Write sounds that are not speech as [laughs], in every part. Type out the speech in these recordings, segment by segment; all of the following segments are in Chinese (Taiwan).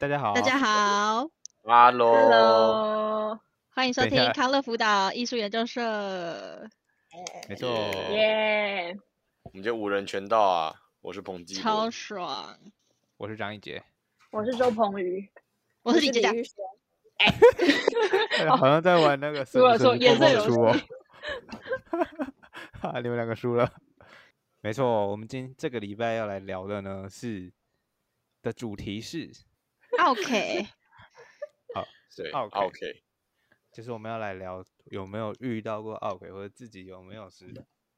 大家好，大家好，Hello, Hello, 歡迎收聽康樂輔導藝術研究社，沒錯，耶、yeah.，我們就五人全到啊，我是彭記，超爽，我是張逸杰，我是周鵬宇， [laughs] 我是李杰，哎 [laughs] [laughs] 好， [laughs] 好， [laughs] 好像在玩那個盛子盛子碰碰，哦，輸了說顏色有輸，你們兩個輸了， [laughs] 沒錯，我們今這個禮拜要來聊的呢是的主題是。奧客，好、oh,，對奧客，奧客，就是我們要來聊有沒有遇到過奧客，或者自己有沒有是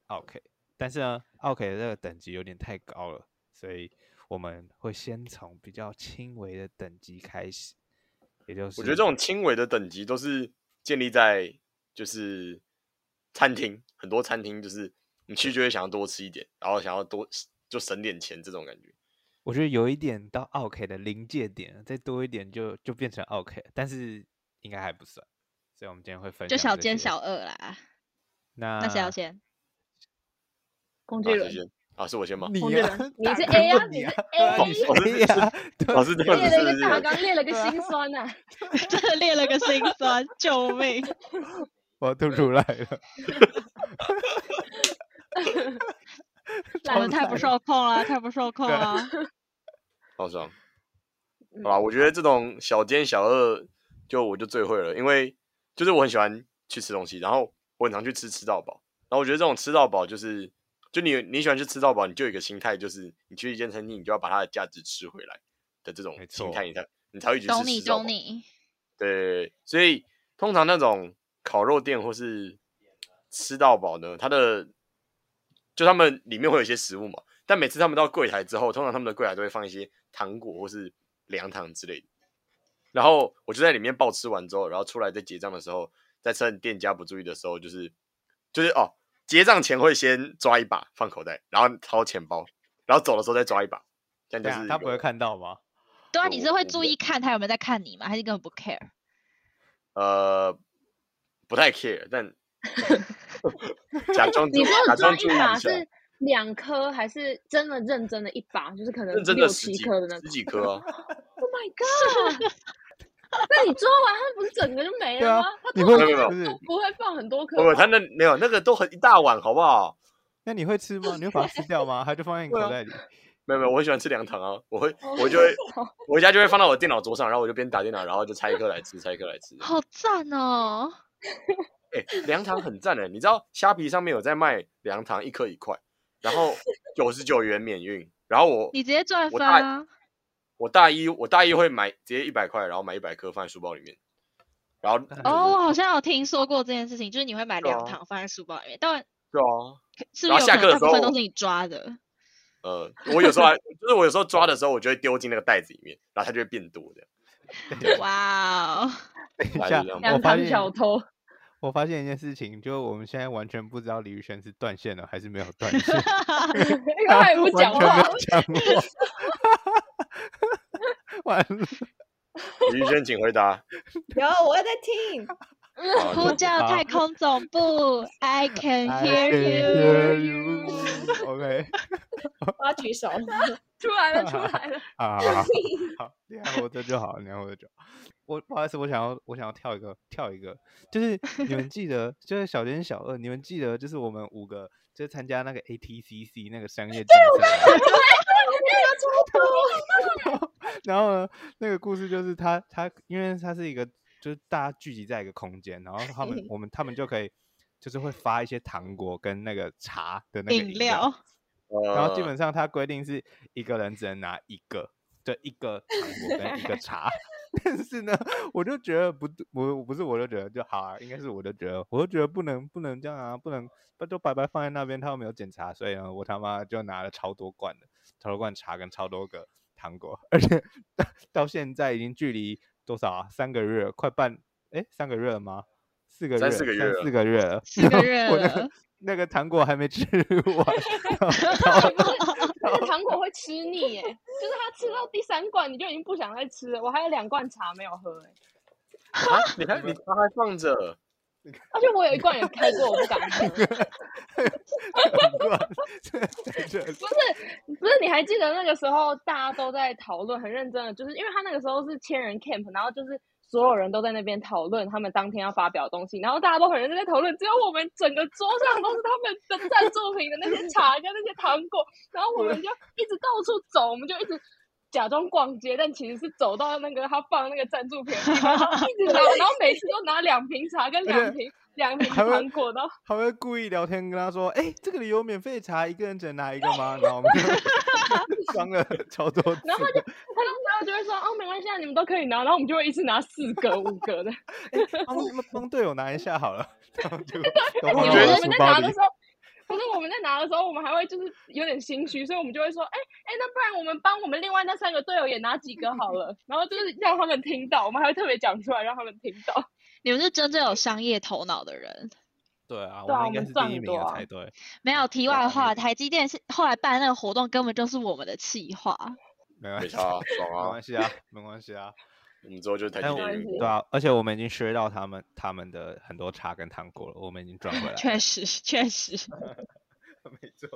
奧客，但是呢，奧客這個等級有點太高了，所以我們會先從比較輕微的等級開始。也就是，我覺得這種輕微的等級都是建立在就是餐廳，很多餐廳就是你去就會想要多吃一點，然後想要多就省點錢這種感覺。我覺得有一點到 OK 的臨界點，再多一點就就變成 OK 了，但是應該還不算，所以我們今天會分就小奸小惡啦。那那誰要先，工具人啊,先先啊，是我先嗎、啊啊啊？你是 A 啊，你是 A，老師老師，練了個啥？剛練、啊啊啊啊啊啊、 [laughs] 了個心酸吶、啊，真的練了個心酸，救命！ [laughs] 我吐出來了。 [laughs] 懶得太不受控了、嗯，太不受控了。好、嗯 [laughs] 哦、爽，啊、 [laughs] 嗯！我覺得這種小奸小惡，就我就最會了，因為就是我很喜歡去吃東西，然後我很常去吃吃到飽，然後我覺得這種吃到飽就是，就你你喜歡去吃到飽，你就有一個心態就是，你去一間餐廳，你就要把它的價值吃回來的這種心態，你看，你才，你才會去吃吃到飽。懂你，懂你。對，所以通常那種烤肉店或是吃到飽呢，它的。就他們裡面會有一些食物嘛，但每次他們到櫃台之後，通常他們的櫃台都會放一些糖果或是涼糖之類的。然後我就在裡面爆吃完之後，然後出來在結賬的時候，在趁店家不注意的時候、就是，就是就是哦，結賬前會先抓一把放口袋，然後掏錢包，然後走的時候再抓一把。這樣、就是啊、他不會看到嗎？對、呃、啊，你是會注意看他有沒有在看你嗎？還是根本不 care？呃，不太 care，但。 [laughs] 假裝，你說的裝一把是兩顆 [laughs] 還是真的認真的一把？就是可能6，認真的十幾顆的、那個，十幾顆、啊。Oh my God！那 [laughs] 你裝完它不是整個就沒了嗎？對啊、它你會沒有沒有不會不會放很多顆？不，它那沒有，沒有，那，沒有那個都很一大碗，好不好？那你會吃嗎？你會把它吃掉嗎？ [laughs] 還是放在你口袋裡、啊？沒有沒有，我很喜歡吃涼糖啊！我會，我就會， [laughs] 我一下就會放到我的電腦桌上，然後我就邊打電腦，然後就拆一顆來吃，拆一顆來吃， [laughs] 好讚哦、喔！哎、 [laughs] 欸，涼糖很贊的、欸，你知道蝦皮上面有在賣涼糖，一顆一塊，然後九十九元免運。然後我你直接賺翻啊我？我大一，我大一會買直接一百塊，然後買一百顆放在書包裡面。然後、就是、哦，我好像有聽說過這件事情，就是你會買涼糖放在書包裡面，對啊。是啊。然後下課的時候都是你抓的,的。呃，我有時候還就是我有時候抓的時候，我就會丟進那個袋子裡面，然後它就會變多的。 [laughs] 哇哦！等一下，涼糖 [laughs] 小偷。 [laughs] 我發現一件事情，就我們現在完全不知道李宇軒是斷線了還是沒有斷線。完 [laughs] 全不講話， [laughs] 不講話。 [laughs] 完，宇軒，請回答。 [laughs] 有，我在聽。.呼叫太空總部、啊、，I can hear you。OK，我要舉手 [laughs] 出、啊，出來了，出來了。好， [laughs] 好，好，好，這樣我這就好了，你這我就好……我不好意思，我想要，我想要跳一個，跳一個，就是你們記得， [laughs] 就是小一、小二，你們記得，就是我們五個，就是參加那個 ATCC 那個商業競爭。對，我剛才 [laughs] [laughs] [laughs] [laughs] [laughs] [laughs] 然後呢，那個故事就是他，他，他因為他是一個。就是大家聚集在一個空間，然後他們、我們、他們就可以，就是會發一些糖果跟那個茶的那個飲料，飲料，然後基本上他規定是一個人只能拿一個，就一個糖果跟一個茶， [laughs] 但是呢，我就覺得不，不，不是，我就覺得就好啊，應該是我就覺得，我就覺得不能不能這樣啊，不能不就白白放在那邊，他又沒有檢查，所以呢，我他媽就拿了超多罐的超多罐茶跟超多個糖果，而且到到現在已經距離。多少啊？三個月，快半哎，三個月了嗎？四個月，四個月，三四個月了，那個、四個月了， [laughs] 那個月。那個糖果還沒吃完。 [laughs] [laughs] 不是 [laughs] 那個糖果會吃膩哎，就是他吃到第三罐，你就已經不想再吃了。我還有兩罐茶沒有喝哎。啊？你還你茶還放着？而且我有一罐也開過，我不敢喝 [laughs] [laughs] [laughs] [laughs] 不。不是不是，你還記得那個時候大家都在討論很認真的，就是因為他那個時候是千人 camp，然後就是所有人都在那邊討論他們當天要發表的東西，然後大家都很認真在討論，只有我們整個桌上都是他們的贊助品的那些茶跟那些糖果，然後我們就一直到處走，我們就一直。假裝逛街，但其實是走到那個他放的那個贊助片，然後一直拿，然後每次都拿兩瓶茶跟兩瓶兩瓶糖果，然後他會故意聊天跟他說：“哎、欸，這個裡有免費茶，一個人只能拿一個嗎？”然後我們就裝 [laughs] 了超多次，然後他就然後他時就會說：“哦，沒關係、啊，你們都可以拿。”然後我們就會一次拿四個、五個的，幫 [laughs] 隊、欸啊、友拿一下好了。就 [laughs] 我覺得我們在拿的時候。 [laughs] 可是我們在拿的時候，我們還會就是有點心虛，所以我們就會說：“哎、欸、哎、欸，那不然我們幫我們另外那三個隊友也拿幾個好了。”然後就是讓他們聽到，我們還會特別講出來讓他們聽到。你們是真正有商業頭腦的人。對啊，我們應該是第一名才對。對啊啊，沒有題外話，台積電是後來辦那個活動，根本就是我們的企劃。 [laughs] 沒關係啊，沒關係啊，沒關係啊。之後哎、我們就太辛苦了，對啊，而且我們已經學到他們他們的很多茶跟糖果了，我們已經賺回來了。確實確實，確實 [laughs] 沒錯。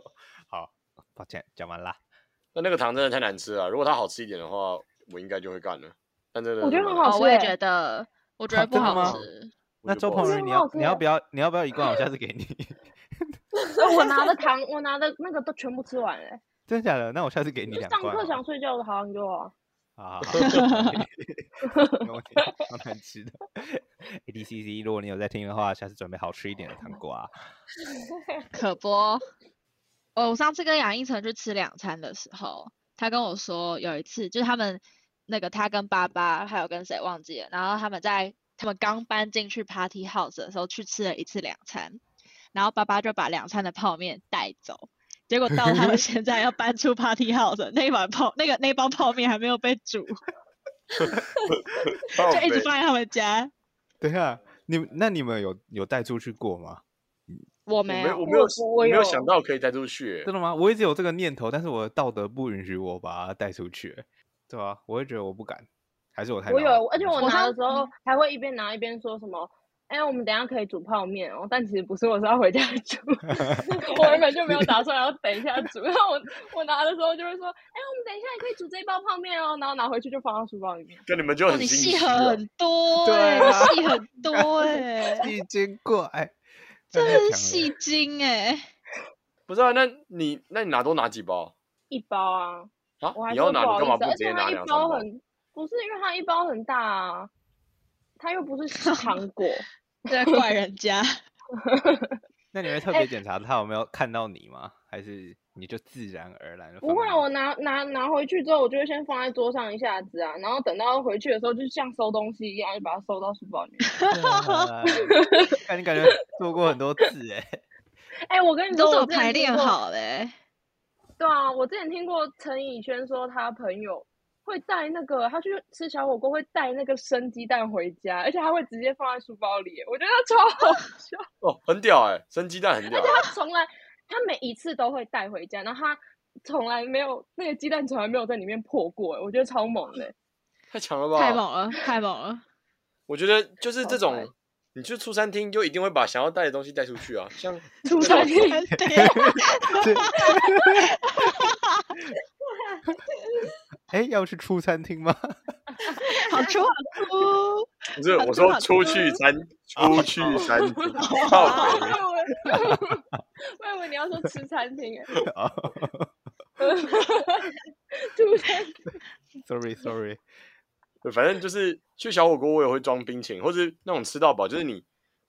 好，抱歉，講完啦。那那個糖真的太難吃了，如果它好吃一點的話，我應該就會幹了。但真的，我覺得很好吃，哦。我也覺得，我覺得不好吃。哦，嗎？好吃。那周鵬瑞，你要你要不要你要不要一罐？我下次給你 [laughs] [laughs] 哦。我拿的糖，我拿的那個都全部吃完了 [laughs] 真的假的？那我下次給你兩罐。我上課想睡覺的好，你給我。啊， [laughs] [laughs] 好好好，沒問題，好難吃的。ADCC，如果你有在聽的話，下次準備好吃一點的糖果啊。 [laughs] [laughs] 可不我，我上次跟楊逸晨去吃兩餐的時候，他跟我說有一次，就是他們那個他跟爸爸還有跟誰忘記了，然後他們在他們剛搬進去 Party House 的時候去吃了一次兩餐，然後爸爸就把兩餐的泡面帶走。結果到他們現在要搬出 Party House [laughs] 那一碗泡那個那一包泡麵還沒有被煮， [laughs] [laughs] 就一直放在他們家。對 [laughs] 啊，你那你們有有帶出去過嗎？我沒有，我沒有，我，我，我有，我沒有想到可以帶出去。真的嗎？我一直有這個念頭，但是我的道德不允許我把它帶出去。對啊，我會覺得我不敢，還是我太……我有，而且我拿的時候還會一邊拿一邊說什麼。哎、欸，我們等一下可以煮泡麵哦，但其實不是，我是要回家煮。 [laughs] 我原本就沒有打算要等一下煮， [laughs] 然後我我拿的時候就會說，哎、欸，我們等一下也可以煮這一包泡麵哦，然後拿回去就放到書包裡面。就你們就很戲、啊、很多、欸，對、啊，戲很多、欸，哎， [laughs] 戲精，這、欸、很戲精、欸，哎，不是啊？那你那你拿多拿幾包？一包啊。啊？我還不你要拿一包，而且它一包很，不是因為它一包很大啊。他又不是吃糖果， [laughs] 在怪人家。 [laughs] [laughs] 那你會特別檢查他有沒有看到你嗎？欸、還是你就自然而然？不會，我拿拿拿回去之後，我就會先放在桌上一下子啊，然後等到回去的時候，就像收東西一樣，就把它收到書包裡面。 [laughs] [laughs] [laughs] 感覺感覺做過很多次哎、欸。哎、欸，我跟你說我，都排練好嘞。對啊，我之前聽過陳以軒說他朋友。會帶那個他去吃小火鍋，會帶那個生雞蛋回家，而且他會直接放在書包裡，我覺得他超好笑哦，很屌哎，生雞蛋很屌，而且他從來他每一次都會帶回家，然後他從來沒有那個雞蛋從來沒有在裡面破過，哎，我覺得超猛的，太強了吧，太猛了，太猛了，我覺得就是這種，你去出餐廳就一定會把想要帶的東西帶出去啊，像出餐廳對，哎，要去出餐廳嗎？ [laughs] 好出好出！不是，我說出去餐，出，出，出去餐廳。我以為，哦哦 [laughs] 哦、 [laughs] 我以為你要說吃餐廳哎。哈哈哈哈哈！出餐廳。Sorry Sorry，反正就是去小火鍋，我也會裝冰淇淋，或是那種吃到飽。就是你，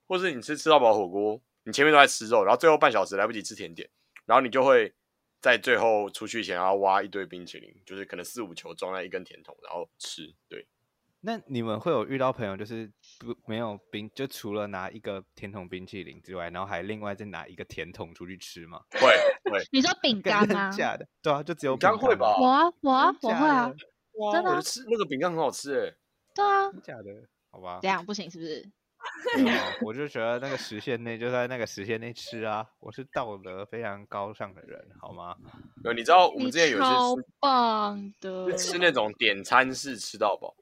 或是你吃吃到飽火鍋，你前面都在吃肉，然後最後半小時來不及吃甜點，然後你就會。在最後出去前，要挖一堆冰淇淋，就是可能四五球裝在一根甜筒，然後吃。對，那你們會有遇到朋友，就是不沒有冰，就除了拿一個甜筒冰淇淋之外，然後還另外再拿一個甜筒出去吃嗎？會，會。你說餅乾嗎？假的。對啊，就只有餅乾，餅乾會吧？我啊，我啊，我啊，我會啊，真的啊，哇。我吃那個餅乾很好吃耶。對啊，真假的，好吧？這樣不行是不是？ [laughs] 我就覺得那個時限內就在那個時限內吃啊，我是道德非常高尚的人，好嗎？有，你知道我們之前有吃，超棒的，吃那種點餐式吃到飽，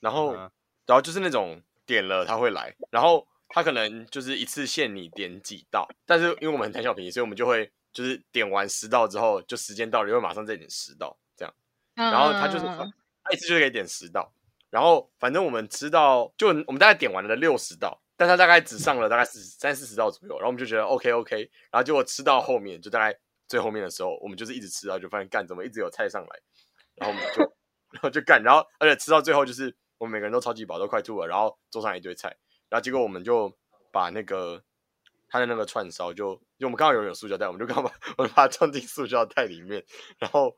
然後、嗯、然後就是那種點了他會來，然後他可能就是一次限你點幾道，但是因為我們很貪小便宜，所以我們就會就是點完十道之後就時間到了，就會馬上再點十道這樣，然後他就是、嗯、他一次就可以點十道。然後反正我們吃到就我們大概點完了六十道，但他大概只上了大概是三四十道左右，然後我們就覺得 OK OK，然後結果吃到後面就大概最後面的時候，我們就是一直吃然後就發現幹怎麼一直有菜上來，然後我們就然後就幹，然後而且吃到最後就是我們每個人都超級飽，都快吐了，然後桌上一堆菜，然後結果我們就把那個他的那個串燒就因為我們剛好有人有塑膠袋，我們就剛剛把我們把它裝進塑膠袋裡面，然後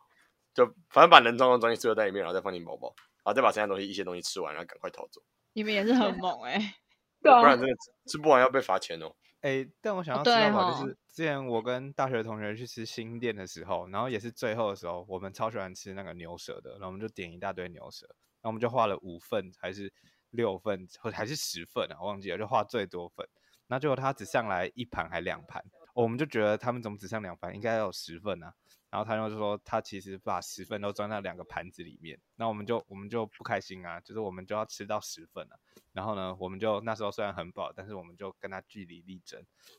就反正把能裝的裝進塑料袋裡面，然後再放進包包。後再把剩下東西一些東西吃完，然後趕快逃走。你們也是很猛哎、欸啊，不然這個吃不完要被罰錢哦。哎、啊啊欸，但我想要知道的話，就是、哦、之前我跟大學的同學去吃新店的時候，然後也是最後的時候，我們超喜歡吃那個牛舌的，然後我們就點一大堆牛舌，然後我們就畫了五份還是六份，或者還是十份啊，我忘記了就畫最多份。那結果他只上來一盤還兩盤，我們就覺得他們怎麼只上兩盤，應該要有十份啊。然後他就說，他其實把十份都裝在兩個盤子裡面。那我們就我們就不開心啊，就是我們就要吃到十份了。然後呢，我們就那時候雖然很飽，但是我們就跟他據理力爭。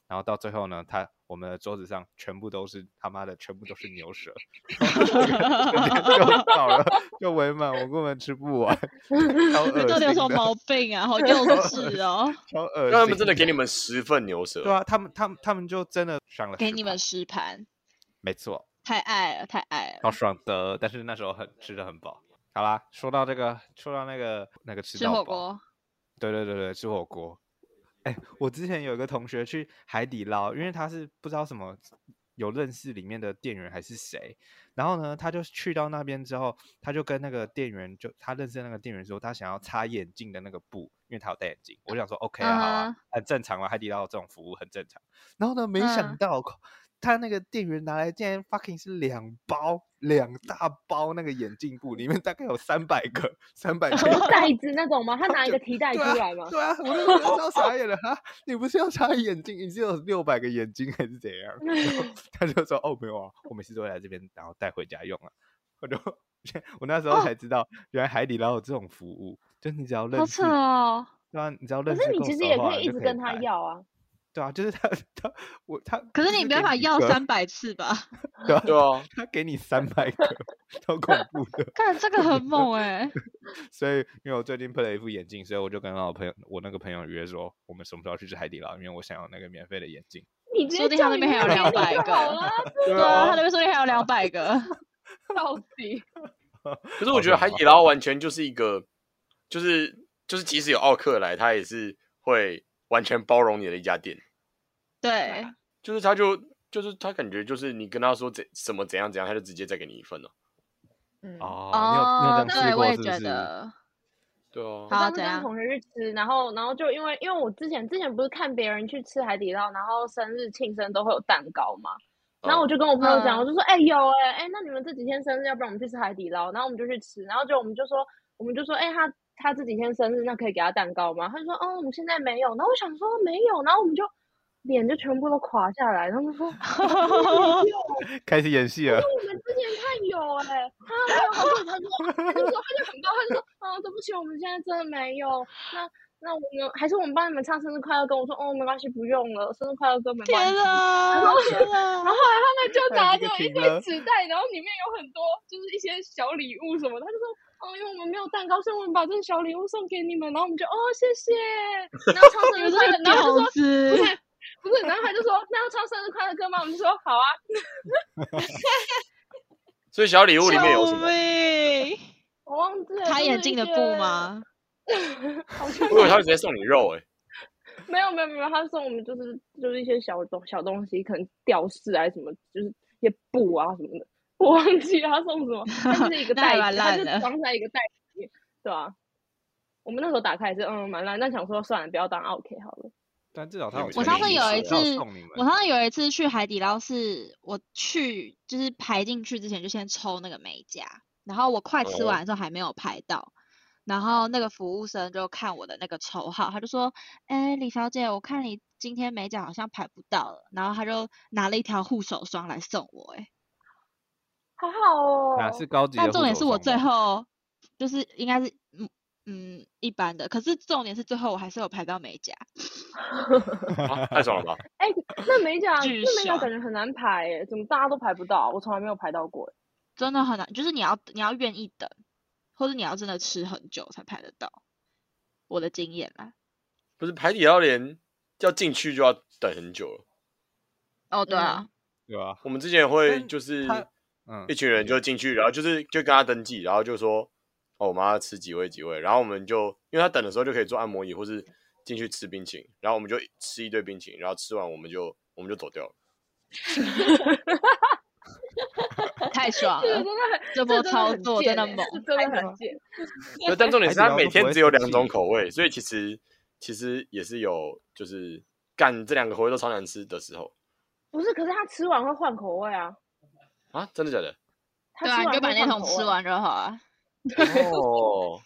然後到最後呢，他我們的桌子上全部都是他媽的，全部都是牛舌。就飽了又為滿，我根本吃不完。到底有什麼毛病啊？好幼稚哦！好 [laughs] 噁心。他們真的給你們十份牛舌。對 [laughs] 啊，他們他他們就真的了。給你們十盤。沒錯。太愛了，太愛了，好爽的！但是那時候很吃得很飽，好啦，說到這個，說到那個，那個吃火鍋，對對對對，吃火鍋。哎，我之前有一個同學去海底撈，因為他是不知道什麼有認識裡面的店員還是誰，然後呢，他就去到那邊之後，他就跟那個店員就他認識那個店員說，他想要擦眼鏡的那個布，因為他有戴眼鏡。我想說，嗯，OK 啊，好啊，很正常嘛，啊，海底撈這種服務很正常。然後呢，沒想到。嗯他那個店員拿來，竟然 fucking 是兩包，兩大包那個眼鏡布，裡面大概有三百個，三百個袋 [laughs] [laughs] 子那種嗎？他拿一個提袋出來嗎？對啊、對啊，我那時候傻眼了啊！你不是要擦眼鏡？你是有六百個眼鏡還是怎樣？ [laughs] 他就說哦，沒有啊，我每次都會來這邊，然後帶回家用啊。我就我那時候才知道，原來海底撈有這種服務，就你只要認識啊、哦，對啊，你只要認識，可是你其實也可以一直跟他要啊。對啊，就是他，他我他，可是你沒辦法要三百次吧？ [laughs] 對啊對、哦，他給你三百個， [laughs] 超恐怖的。看這個很猛哎、欸！ [laughs] 所以因為我最近配了一副眼鏡，所以我就跟我朋友，我那個朋友約說，我們什麼時候去吃海底撈？因為我想要那個免費的眼鏡。你收銀台那邊還有兩百個 [laughs] 對、啊，對啊，他那邊收銀還有兩百個， [laughs] 到底？ [laughs] 可是我覺得海底撈完全就是一個，就是就是，即使有奧客來，他也是會。完全包容你的一家店，對，就是他就，就就是他，感覺就是你跟他說怎什麼怎樣怎樣，他就直接再給你一份了。嗯哦，那、哦、個、哦、我也覺得，對哦、啊。他當時跟同學去吃，然後然後就因為因為我之前之前不是看別人去吃海底撈，然後生日慶生都會有蛋糕嘛，然後我就跟我朋友講，嗯、我就說哎有哎、欸、哎，那你們這幾天生日，要不然我們去吃海底撈？然後我們就去吃，然後就我們就說我們就說哎他。他這幾天生日，那可以給他蛋糕嗎？他就說，嗯，我們現在沒有。然後我想說沒有，然後我們就臉就全部都垮下來。他們說，哈哈哈，他說， [laughs] 開始演戲了。因為我們之前看有哎、欸、啊、他就說， [laughs] 他就說，他就很高，他就說，啊，對不起，我們現在真的沒有。那。那我們還是我們幫你們唱生日快樂歌。我說哦，沒關係，不用了，生日快樂歌沒關係。天啊！然後後來他們就拿走一個紙袋，然後裡面有很多就是一些小禮物什麼的。他就說哦，因為我們沒有蛋糕，所以我們把這小禮物送給你們。然後我們就哦，謝謝。然後唱生日快樂歌。 [laughs] 然後唱生日快樂 [laughs] 然後就說 [laughs] 不是，不是，然後他就說 [laughs] 那要唱生日快樂歌嗎？我們就說好啊。 [laughs] 所以小禮物裡面有什麼？我忘記了。他眼鏡的布嗎？如 [laughs] 我以為他會直接送你肉誒、欸？ [laughs] 沒有沒有沒有，他送我們就是就是一些小東小東西，可能吊飾啊什麼，就是一些布啊什麼的，我忘記他送什麼，就是一個袋子，裝 [laughs] 在一個袋子，對啊。我們那時候打開也是嗯蠻爛，但想說算了，不要當奧客好了。但至少他有，我有。我上次有一次，我上次有一次去海底撈，是我去就是排進去之前就先抽那個美甲，然後我快吃完之後還沒有排到。哦然後那個服務生就看我的那個籌號，他就說，哎，李小姐，我看你今天美甲好像排不到了，然後他就拿了一條護手霜來送我，哎，好好哦，那、啊、是高級，但重點是我最後就是應該是嗯嗯一般的，可是重點是最後我還是有排到美甲， [laughs] 啊、太爽了吧？哎、 [laughs] 欸，那美甲，這美甲感覺很難排，哎，怎麼大家都排不到、啊，我從來沒有排到過，真的很難，就是你要你要願意等。或者你要真的吃很久才排得到，我的經驗啦。不是排底要連，要進去就要等很久了。哦，對啊。對啊。我們之前會就是，一群人就進去，然後就是就跟他登記，然後就說，哦，我們要吃幾位幾位，然後我們就因為他等的時候就可以坐按摩椅或是進去吃冰淇淋，然後我們就吃一堆冰淇淋，然後吃完我們就我們就走掉了。 [laughs] 太爽了，真的很，這波操作真的猛，這真的很賤、欸。但重點是他每天只有兩種口味， [laughs] 所以其實其實也是有，就是幹這兩個口味都超難吃的時候。不是，可是他吃完會換口味啊。啊，真的假的？他吃完換口味、啊、你就把那桶吃完就好啊。哦，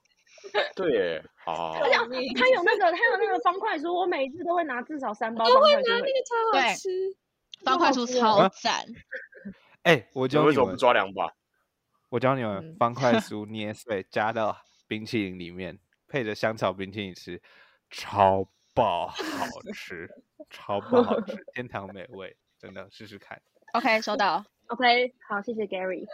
[laughs] 對，好、啊。而且他有那個他有那個方塊酥，我每一次都會拿至少三包，我都會拿那個超好吃。方塊酥超讚。啊哎，我教你們為什麼不抓兩把？我教你們，方塊酥捏碎，加到冰淇淋裡面， [laughs] 配着香草冰淇淋吃，超爆好吃，超爆好吃， [laughs] 天堂美味，真的試試看。OK，收到。OK，好，謝謝 Gary。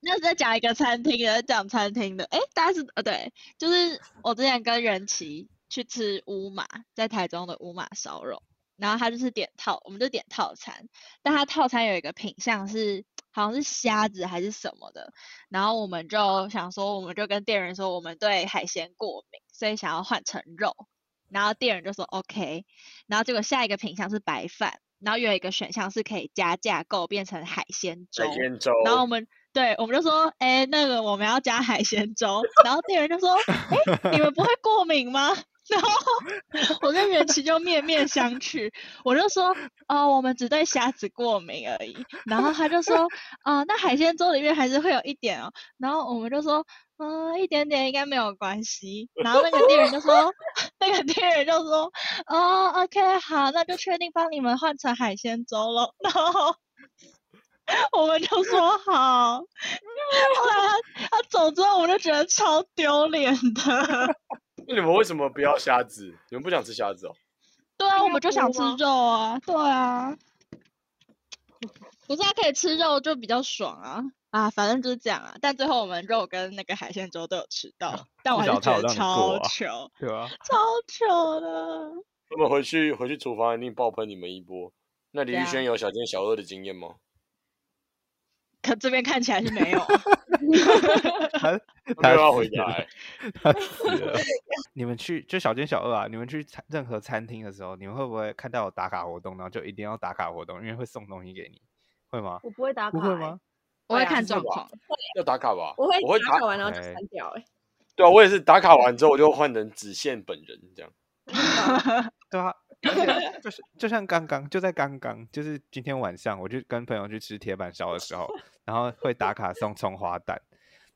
那 [laughs] 在講一個餐廳，講餐廳的。哎，大家是呃對，就是我之前跟任奇去吃屋馬，在台中的屋馬燒肉。然後他就是點套，我們就點套餐，但他套餐有一個品項是好像是蝦子還是什麼的，然後我們就想說，我們就跟店員說，我們對海鮮過敏，所以想要換成肉。然後店員就說 OK，然後結果下一個品項是白飯，然後又有一個選項是可以加價購變成海鮮粥。海鮮粥。然後我們對，我們就說，哎、欸，那個我們要加海鮮粥。然後店員就說，哎、 [laughs] 欸，你們不會過敏嗎？ [laughs] 然後我跟袁琦就面面相覷， [laughs] 我就說：啊、呃，我們只對蝦子過敏而已。然後他就說：啊、呃，那海鮮粥裡面還是會有一點哦。然後我們就說：嗯、呃，一點點應該沒有關係。然後那個店員就說： [laughs] 那個店員就說：哦、呃、，OK，好，那就確定幫你們換成海鮮粥了。然後我們就說好。 [laughs] [laughs] 後來他，他走之後，我就覺得超丟臉的。 [laughs] 那你們為什麼不要蝦子？你們不想吃蝦子哦？對啊，我們就想吃肉啊！對啊，不是還可以吃肉就比較爽啊！啊，反正就是這樣啊。但最後我們肉跟那個海鮮粥都有吃到，啊啊，但我還是覺得超糗，對啊，超糗的。我們回去回去廚房一定爆噴你們一波。那李宇軒有小奸小惡的經驗嗎、啊？可這邊看起來是沒有。 [laughs] [laughs] 台灣回家，欸，他死了。死了 [laughs] 你們去就小奸小惡啊。你們去餐任何餐廳的時候，你們會不會看到有打卡活動呢？就一定要打卡活動，因為會送東西給你，會嗎？我不會打卡。欸，不會嗎？我會看狀況，要打卡吧？我會，我會打卡完然後刪掉。哎，對啊，我也是打卡完之後我就換成只限本人這樣。 [laughs] 對啊，就是就像剛剛，就在剛剛，就是今天晚上我去跟朋友去吃鐵板燒的時候。 [laughs] 然後會打卡送蔥花蛋，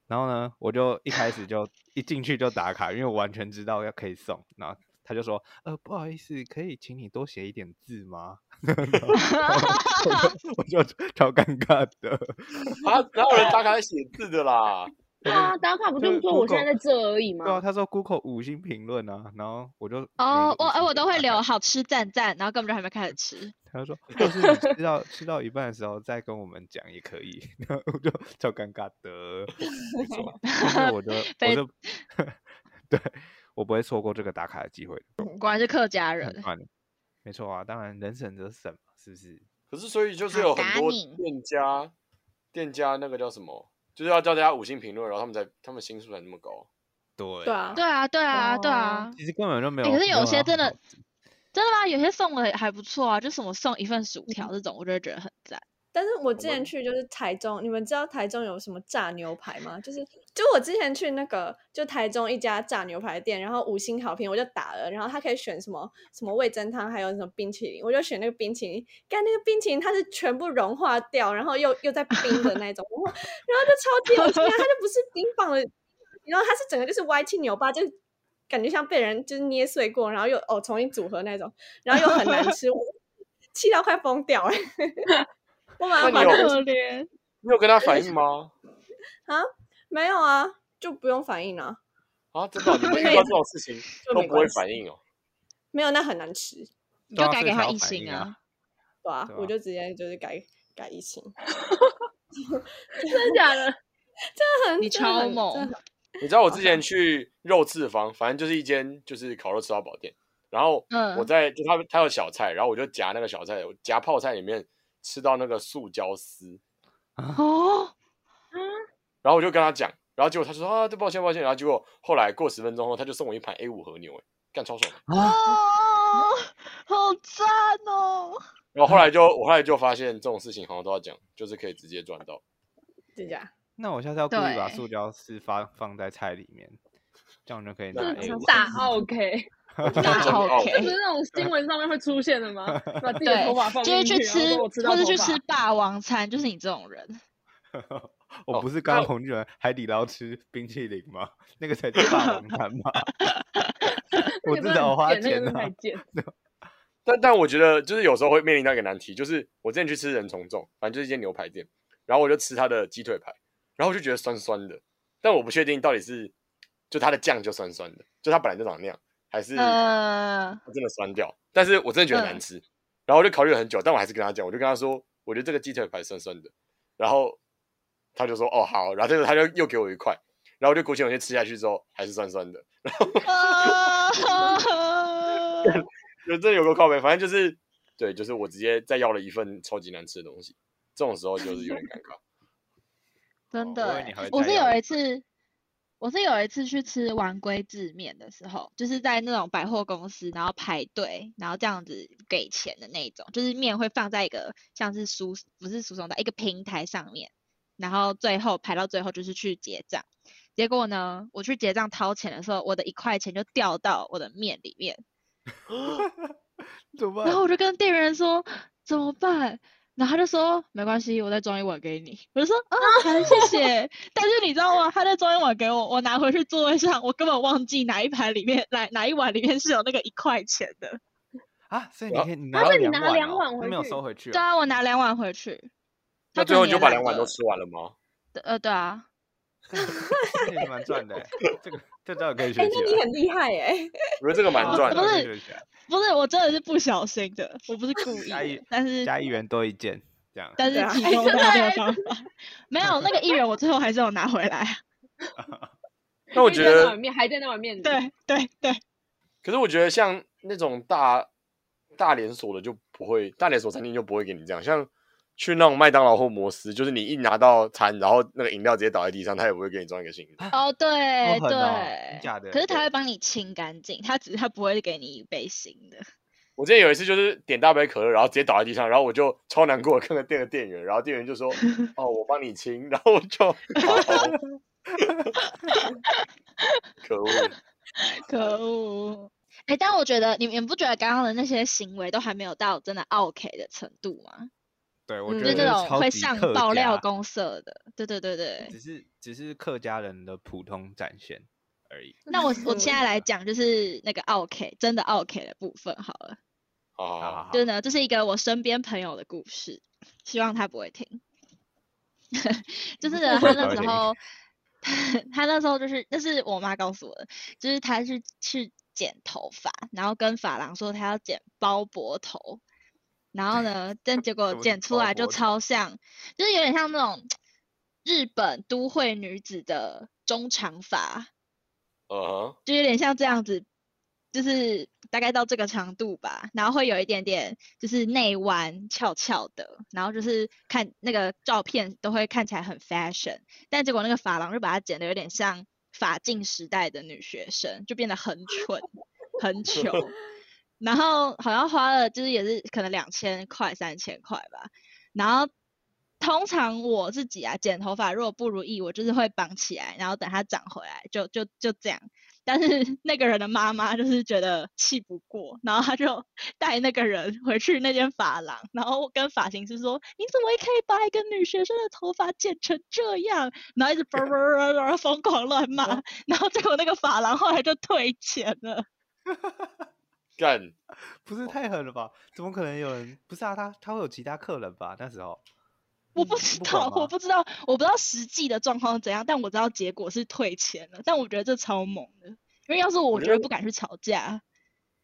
然後呢，我就一開始就一進去就打卡，因為我完全知道要可以送。然後他就說：“呃，不好意思，可以請你多寫一點字嗎？” [laughs] 我就， [laughs] 我就，我就超尷尬的啊，哪有人打卡還寫字的啦。 [laughs] 啊，打卡不就是說我現在在這而已嗎？對啊，他說 Google 五星評論啊，然後我就哦、oh, 嗯，我而我都會留好吃讚讚，然後根本就還沒開始吃。他就說，要、就是你吃到 [laughs] 吃到一半的時候再跟我們講也可以，然後我就超尷尬的， [laughs] 啊、我的，我的， [laughs] 非 [laughs] 對，我不會錯過這個打卡的機會。果然是客家人，沒錯啊，當然能省則省是不是？可是所以就是有很多店家，店家那個叫什麼？就是要教大家五星評論，然後他們才他們星數才那麼高。對啊，對啊，對啊，對啊。其實根本就沒有。欸、可是有些真的好好，真的嗎？有些送的還不錯啊，就什麼送一份薯條這種，嗯、我就覺，覺得很贊。但是我之前去就是台中，你們知道台中有什麼炸牛排嗎？就是就我之前去那個就台中一家炸牛排店，然後五星好評我就打了，然後他可以選什麼什麼味噌湯，還有什麼冰淇淋，我就選那個冰淇淋。看那個冰淇淋它是全部融化掉，然後又又在冰的那種，然 [laughs] 後然後就超級好吃。它就不是冰棒的，然後它是整個就是歪七扭八，就感覺像被人就是捏碎過，然後又哦重新組合那種，然後又很難吃，氣 [laughs] 到快瘋掉誒 [laughs] 我那你有可可你有跟他反應嗎？啊，沒有啊，就不用反應啊。啊，真的？你們遇到這種事情 [laughs] 都不會反應哦、喔？沒有，那很難吃，要要啊、你就改給他一星啊。對啊對，我就直接就是改改一星。 [laughs] 對吧 [laughs] 真的假的？真 [laughs] 的很你超猛。你知道我之前去肉翅房， [laughs] 房，反正就是一間就是烤肉吃到飽店，然後嗯，我在就他他有小菜，然後我就夾那個小菜，我夾泡菜裡面。吃到那個塑膠絲，哦、啊，然後我就跟他講，然後結果他就說啊，對不起，抱歉，然後結果後來過十分鐘後，他就送我一盤 A 五和牛、欸，哎，幹超爽，啊，好讚哦！然後後來就我後來就發現這種事情好像都要講，就是可以直接賺到，真假？那我下次要故意把塑膠絲發放在菜裡面，這樣就可以拿 A 五 OK。那好，OK， [laughs] 這不是那種新聞上面會出現的嗎？ [laughs] 把自己的頭髮放進去、啊、就是去吃，或者去吃霸王餐，就是你這種人。 [laughs] 我不是剛紅巨來，海底撈吃冰淇淋嗎？哦、那，那個才叫霸王餐嗎？ [laughs] [laughs] 我至少花錢啊。那個那個，但但我覺得就是有時候會面臨到一個難題，就是我之前去吃人從眾，反正就是一間牛排店，然後我就吃他的雞腿排，然後我就覺得酸酸的，但我不確定到底是就它的醬就酸酸的，就它本來就長那樣。還是真的酸掉、呃，但是我真的覺得難吃、嗯，然後我就考慮了很久，但我還是跟他講，我就跟他說，我覺得這個雞腿排酸酸的，然後他就說，哦好，然後這個他就又給我一塊，然後我就鼓起勇氣吃下去之後，還是酸酸的，然後就這、呃 [laughs] 呃、 [laughs] 有個靠北，反正就是對，就是我直接再要了一份超級難吃的東西，這種時候就是有點尷尬， [laughs] 哦、真的我，我是有一次。我是有一次去吃丸龜製麵的時候，就是在那種百貨公司，然後排隊，然後這樣子給錢的那種，就是麵會放在一個像是輸不是輸送的一個平台上面，然後最後排到最後就是去結賬。結果呢，我去結賬掏錢的時候，我的一塊錢就掉到我的麵裡面， [laughs] 怎麼辦？然後我就跟店員說，怎麼辦？然後他就說沒關係，我再裝一碗給你。我就說啊，好、oh, okay, 謝謝。 [laughs] 但是你知道嗎？他在裝一碗給我，我拿回去座位上，我根本忘記哪一盤裡面，哪哪一碗裡面是有那個一塊錢的啊。所以你拿、哦、他你拿兩碗回去，沒有收回去、啊。對啊，我拿兩碗回去。那最後你就把兩碗都吃完了嗎？呃，對啊。哈哈哈蠻賺的這、欸、個。 [laughs] [laughs] 這當然可以選。哎、欸，是你很厲害、欸、我覺得這個蠻賺的、啊不。不是，我真的是不小心的，我不是故意。但是。加一元多一件這樣。但是其中的這個方法。 [laughs] 沒有那個一元，我最後還是有拿回來。 [laughs] [laughs] 那我覺得那碗麵還在那碗麵。對對對。可是我覺得像那種大大連鎖的就不會，大連鎖餐廳就不會給你這樣，像。去那種麥當勞或摩斯，就是你一拿到餐，然後那個飲料直接倒在地上，他也不會給你裝一個新的。哦，對哦對，假的。可是他會幫你清乾淨，他只是他不會給你一杯新的。我記得有一次就是點大杯可樂，然後直接倒在地上，然後我就超難過，看看店的店員，然後店員就說：“ [laughs] 哦，我幫你清。”然後我就， [laughs] 哦、 [laughs] 可惡，可惡。哎、欸，但我覺得你們不覺得剛剛的那些行為都還沒有到真的 OK 的程度嗎？對，我覺得是、嗯、這種會上爆料公社的、嗯，對對對對。只是只是客家人的普通展現而已。那我 [laughs] 我現在來講，就是那個奧客真的奧客的部分好了。哦。對呢，這、就是一個我身邊朋友的故事，希望他不會聽。 [laughs] 就是他那時候，他那時候就是， [laughs] 那是我媽告訴我的，就是他去去剪頭髮，然後跟髮廊說他要剪包伯頭。然後呢，但結果剪出來就超像， [laughs] 就是有點像那種日本都會女子的中長髮，uh -huh. 就有點像這樣子，就是大概到這個長度吧。然後會有一點點，就是內彎翹翹的。然後就是看那個照片都會看起來很 fashion，但結果那個髮廊就把它剪得有點像髮禁時代的女學生，就變得很蠢 [laughs] 很醜糗。 [laughs] 然後好像花了就是也是可能兩千塊三千塊吧。然後通常我自己啊剪頭髮，如果不如意，我就是會綁起來，然後等它長回來就就就這樣。但是那個人的媽媽就是覺得氣不過，然後她就帶那個人回去那間髮廊，然後跟髮型師說：“你怎麼也可以把一個女學生的頭髮剪成這樣？”然後一直呃呃呃呃瘋狂亂罵，然後結果那個髮廊後來就退錢了。 [laughs] 幹，不是太狠了吧，哦？怎麼可能有人？不是啊，他他會有其他客人吧？那時候我不知道，嗯不，我不知道，我不知道實際的狀況是怎樣，但我知道結果是退錢了。但我覺得這超猛的，因為要是我，絕對不敢去吵架。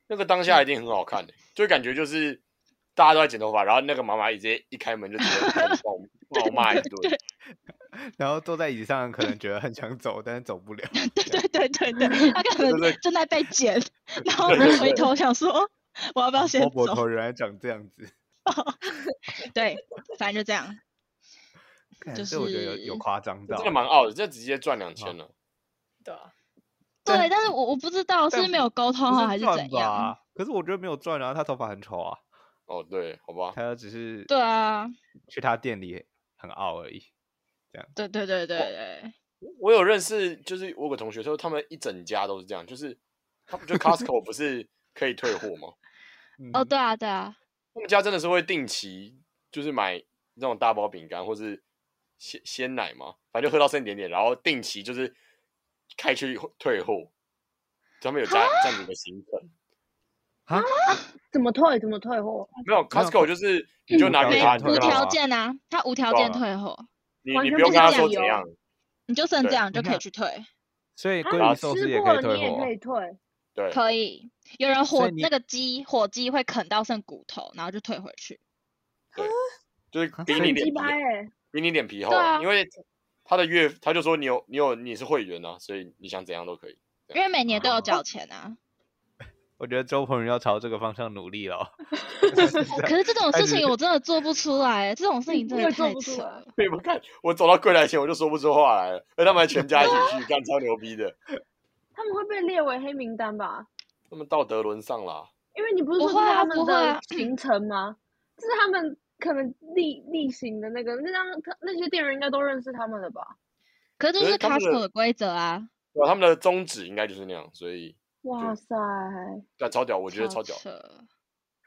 那個當下一定很好看的，欸，就感覺就是大家都在剪頭髮，然後那個媽媽一直一開門就直接暴暴罵一頓。對對對。然後坐在椅子上，可能覺得很想走， [laughs] 但是走不了。 [laughs] 對對對對對， [laughs] 他可能正在被剪， [laughs] 對對對對然後回頭想說對對對，我要不要先？我頭仍然長這樣子 [laughs] 、哦，對，反正就這樣。 [laughs] 就是我覺得有有誇張到，這個蠻傲的，這直接轉兩圈了、啊啊。對啊，對，但是我我不知道是，不是沒有溝通啊，還是怎樣是？可是我覺得沒有賺啊，他頭髮很醜啊。哦，對，好吧。他只是對啊，去他店裡很傲而已。對對對對對，我有認識，就是我有個同學說，他們一整家都是這樣，就是他們就 Costco [laughs] 不是可以退貨嗎？哦，對啊，對啊，他們家真的是會定期，就是買那種大包餅乾或是鮮鮮奶嘛，反正就喝到剩一點點，然後定期就是開去退貨，他們有加這樣子的行程。啊？怎麼退？怎麼退貨？沒有 Costco 就是你就拿給他退啊。無條件啊，他無條件退貨。你你不用跟他說怎樣，這樣，怎樣，你就剩這樣，你就可以去退。所以，以、啊、你吃過了你也可以退，對，可以。有人火那個雞火雞會啃到剩骨頭，然後就退回去。對，就是給你臉、啊欸、皮，給你臉皮厚。對啊，因為他的月他就說你有你有你是會員吶、啊，所以你想怎樣都可以。因為每年都有繳錢啊。啊我覺得周鵬宇要朝這個方向努力了。 [laughs] [laughs] 可是這種事情我真的做不出來， [laughs] 這種事情真的做不出來。你們看，我走到櫃臺前，我就說不出話來了，而他們還全家一起去，幹 [laughs] 超牛逼的。他們會被列為黑名單吧？他們道德淪喪啦。因為你不是說是他們的行程嗎？就、啊啊、是他們可能例例行的那個，那張那些店員應該都認識他們的吧？可是這是 Costco 的規則啊。有他們的宗旨，應該就是那樣，所以。哇塞！對，超屌，我覺得超屌。超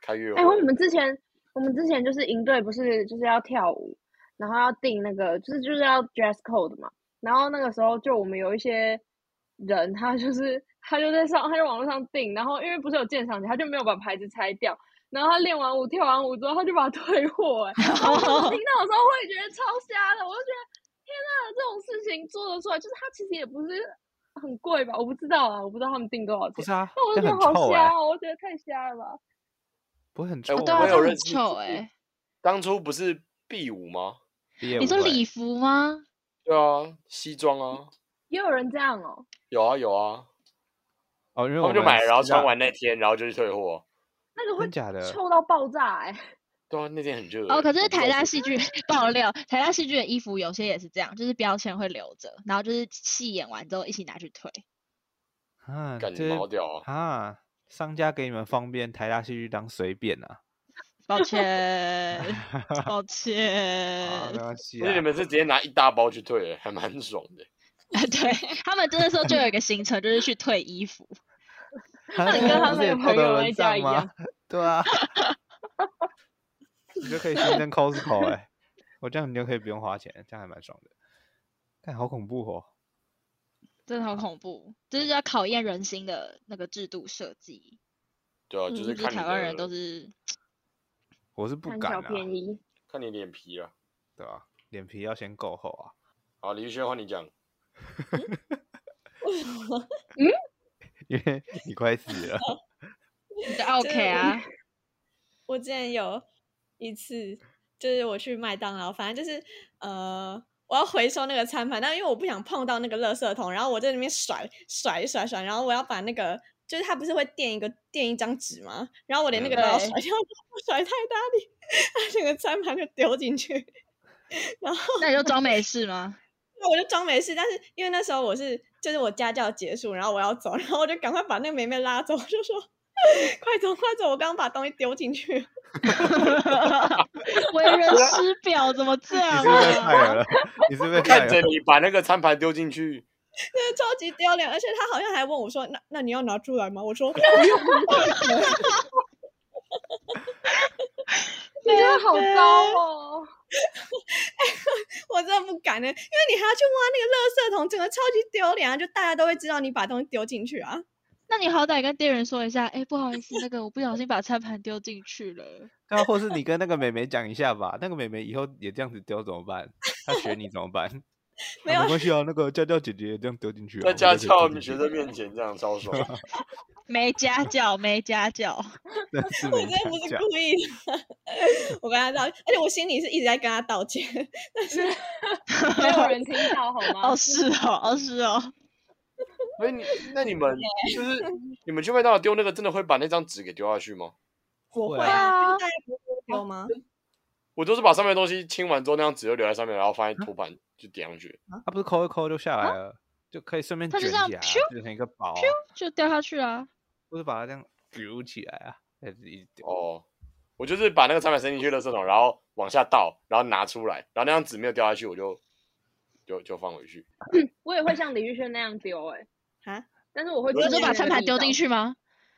開越。哎、欸，我們之前，我們之前就是營隊，不是就是要跳舞，然後要訂那個，就是就是要 dress code 嘛。然後那個時候，就我們有一些人，他就是他就在上，他就網絡上訂，然後因為不是有鑑賞期，他就沒有把牌子拆掉。然後他練完舞，跳完舞之後，他就把它退貨。哎，聽到的時候會覺得超瞎的。我就覺得，天吶，這種事情做得出來，就是他其實也不是。很貴吧？我不知道啊，我不知道他們訂多少。不是啊，那我覺得好瞎哦、欸，我覺得太瞎了吧？不會很臭？對、欸、啊，都很臭哎。當初不是 B 五嗎？欸、你說禮服嗎？對啊，西裝啊。也有人這樣哦、喔。有啊有啊。哦，因為我們就買，然後穿完那天，啊、然後就去退貨。那個會臭到爆炸哎、欸。對、啊、那件很熱。哦，可是台大戲劇爆料，台大戲劇的衣服有些也是這樣，就是標籤會留着，然後就是戲演完之後一起拿去退。嗯、啊，趕緊掉啊，啊！商家給你們方便，台大戲劇當隨便啊。抱歉， [laughs] 抱歉。那、 [laughs] [laughs] 啊、你們是直接拿一大包去退還蠻爽的。 [laughs] [laughs] 對他們，真的時候就有一個行程，就是去退衣服。那 [laughs] [laughs] [laughs] [laughs] [laughs] [laughs] [laughs] 你跟他們有些朋友在家一樣。 [laughs] [laughs] 對啊。你就可以親身 Costco 哎，我這樣你就可以不用花錢，這樣還蠻爽的。但好恐怖哦、喔，真的好恐怖，這、就是要考驗人心的那個制度設計。對啊，就是，看是台灣人都是，我是不敢啊。看你臉皮啊，對啊，臉皮要先夠厚啊。好，李玉軒換你講。 [laughs] 嗯，因 [laughs] 為你快死了。Oh. [laughs] 你 OK 啊， [laughs] 的我之前有。一次就是我去麥當勞，反正就是呃，我要回收那個餐盤，但因為我不想碰到那個垃圾桶，然後我在裡面甩甩一甩一甩，然後我要把那個就是他不是會墊一個墊一張紙嗎？然後我連那個都要甩掉，我甩太大力，那個餐盤就丟進去。然後那你就裝沒事嗎？那 [laughs] 我就裝沒事，但是因為那時候我是就是我家教結束，然後我要走，然後我就趕快把那個妹妹拉走，我就說。 [laughs] 快走快走！我剛剛把東西丟進去。 [laughs] [laughs] 為人師表怎麼這樣、啊？你是不是， [laughs] 是，不是看着你把那個餐盤丟進去？ [laughs] 超級丟臉，而且他好像還問我說：“那那你要拿出來嗎？”我說：“不用。”你真的好糟哦、 [laughs] 欸！我真的不敢呢、欸，因為你還要去挖那個垃圾桶，真的超級丟臉啊！就大家都會知道你把東西丟進去啊。那你好歹跟店員說一下，哎、欸，不好意思，那個我不小心把餐盤丟進去了。 [laughs] 那或是你跟那個妹妹講一下吧，那個妹妹以後也這樣子丟怎麼辦？她學你怎麼辦？沒有、啊、沒關係啊、啊、那個家教姐，姐姐也這樣丟進去、啊，在家教、啊、你，們學生面前這樣招手 [laughs] 沒家教，沒家教， [laughs] 沒家教，我真的不是故意的。我跟她道歉，而且我心裡是一直在跟她道歉，但是 [laughs] 沒有人聽到，好嗎？哦，是哦，哦，是哦。所以你那你們就 [laughs] 是你們去麥當勞丟那個真的會把那張紙給丟下去嗎？我會啊，有嗎？我都是把上面的東西清完之後，那張紙就留在上面，然後放在托盤、啊、就點上去。它不是摳一摳就下來了，啊、就可以順便卷起來，卷、啊、成一個包，就掉下去了、啊。不是把它這樣丟起來啊？還是一直哦，我就是把那個餐盤伸進去垃圾桶，然後往下倒，然後拿出來，然後那張紙沒有掉下去，我就就就放回去、嗯。我也會像李玉軒那樣丟哎、欸。 [laughs] 啊！但是我會直接把，把餐盤丟進去嗎？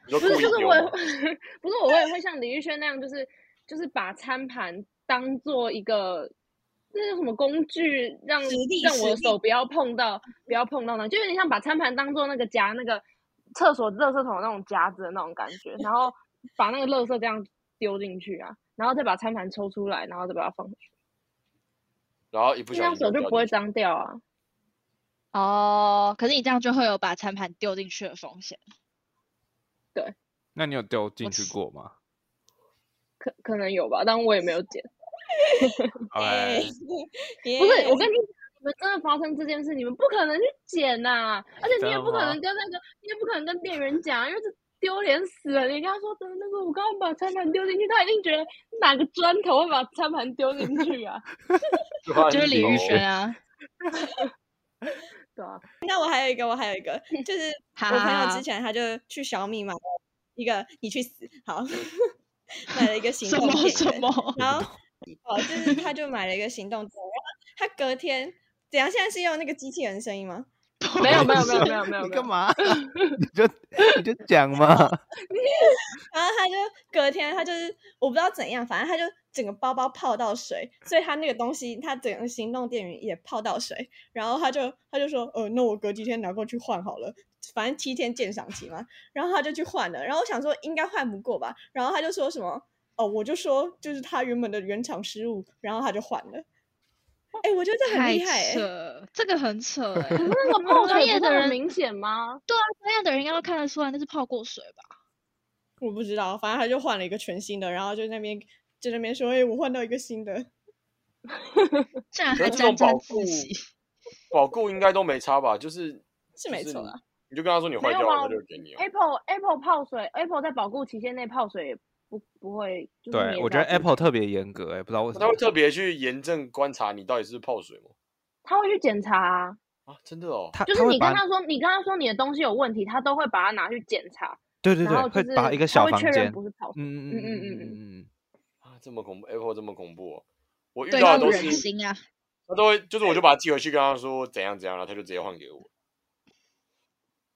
不是，就是我，不是我，也會像李玉軒那樣，就是 [laughs] 就是把餐盤當做一個，那是什麼工具？讓讓我的手不要碰到，不要碰到呢、那個？就有點像把餐盤當做那個夾那個廁所垃圾桶的那種夾子的那種感覺，然後把那個垃圾這樣丟進去啊，然後再把餐盤抽出來，然後再把它放回去。然後這樣手就不會髒掉啊。哦，可是你這樣就會有把餐盤丟進去的風險。對，那你有丟進去過嗎？可可能有吧，但我也沒有撿。 [laughs] Okay. Yeah. 不是，我跟你講，你們真的發生這件事，你們不可能去撿吶、啊，而且你也不可能跟那個，你也不可能跟店員講，因為這丟臉死了。你跟他說，個那個我剛剛把餐盤丟進去，他一定覺得哪個磚頭會把餐盤丟進去啊？ [laughs] 就，怕很 [laughs] 就是李宇軒啊。 [laughs] 對啊，那我還有一個，我還有一個， [laughs] 就是我朋友之前他就去小米買了一個， [laughs] 你去死，好， [laughs] 買了一個行動什麼什麼，然後 [laughs] 哦，就是他就買了一個行動，然後他隔天怎樣？現在是用那個機器人的聲音嗎？ [laughs] [laughs] 沒有沒有沒有沒有沒有，沒有 [laughs] 你幹嘛、啊，幹 [laughs] 嘛？你就你就講嘛 [laughs] 然後他就隔天，他就是我不知道怎樣，反正他就。整個包包泡到水，所以他那個東西，他整個行動電源也泡到水，然後他就他就說，呃，那我隔幾天拿過去換好了，反正七天鑑賞期嘛，然後他就去換了，然後我想說應該換不過吧，然後他就說什麼，哦，我就說就是他原本的原廠失誤，然後他就換了。哎、欸，我覺得這很厲害、欸，這個很扯、欸， [laughs] 可是那個泡過水的人明顯嗎？對啊，那樣的人應該都看得出來那是泡過水吧？我不知道，反正他就換了一個全新的，然後就那邊。只在沒說：“欸、我換到一個新的。”覺得這種保固、 [laughs] 保固應該都沒差吧？就是 [laughs] 就是，是沒錯、啊，你就跟他說你壞掉我就給你。Apple Apple 泡水，Apple 在保固期限內泡水也不不會、就是。對，我覺得 Apple 特別嚴格、欸，不知道為什麼他會特別去嚴正觀察你到底是，是泡水嗎？他會去檢查、啊啊、真的哦，就是你跟他說，你跟他說你的東西有問題，他都會把它拿去檢查。對對對，就是、會把一個小房間嗯嗯嗯嗯嗯嗯。嗯嗯嗯嗯這麼恐怖，Apple 這麼恐怖、啊，我遇到的都是忍啊，他都會就是我就把它寄回去，跟他說怎樣怎樣然後他就直接換給我。